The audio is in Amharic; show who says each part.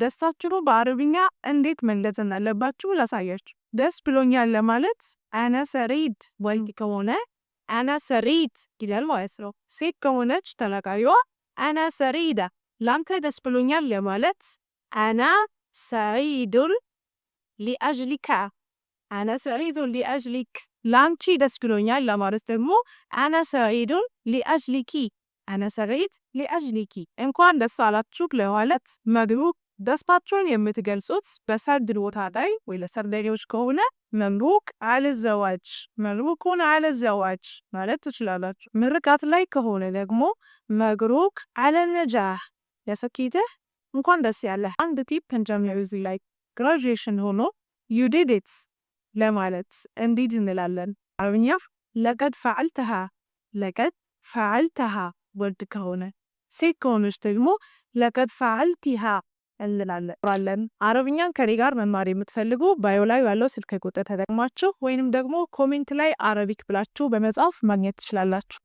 Speaker 1: ደስታችሁን በአረብኛ እንዴት መግለጽ እንዳለባችሁ ላሳያችሁ። ደስ ብሎኛል ለማለት አና ሰሪድ
Speaker 2: ወንድ ከሆነ አና ሰሪድ ይላል ማለት ነው። ሴት ከሆነች ተናጋሪዋ አና ሰሪዳ፣ ላንተ ደስ ብሎኛል ለማለት አና ሰሪዱን ሊአጅሊካ አና ሰሪዱን ሊአጅሊክ፣ ላንቺ ደስ ብሎኛል ለማለት ደግሞ አና ሰሪዱን ሊአጅሊኪ አና ሰሪድ ሊአጅሊኪ፣ እንኳን ደስ አላችሁ ለማለት ደስታችሁን የምትገልጹት በሰርግ ቦታ ላይ ወይ ለሰርገኞች ከሆነ መምሩክ አልዘዋጅ ዘዋጅ መምሩኩን አለ ማለት ትችላላችሁ። ምርቃት ላይ ከሆነ ደግሞ መግሩክ አለነጃህ ነጃህ ለስኬትህ እንኳን ደስ ያለህ። አንድ ቲፕ እንጀምር እዚህ ላይ ግራጁዌሽን ሆኖ ዩዲዲት ለማለት እንዲድ እንላለን? አረብኛ ለቀድ ፈዓልተሃ ለቀድ ፈዓልተሃ ወንድ ከሆነ ሴት ከሆነች ደግሞ ለቀድ ፈዓልቲሃ እንላለን። አረብኛን ከኔ ጋር መማር የምትፈልጉ ባዮ ላይ ያለው ስልክ ቁጥር ተጠቅማችሁ ወይንም ደግሞ ኮሜንት ላይ አረቢክ ብላችሁ በመጻፍ ማግኘት ትችላላችሁ።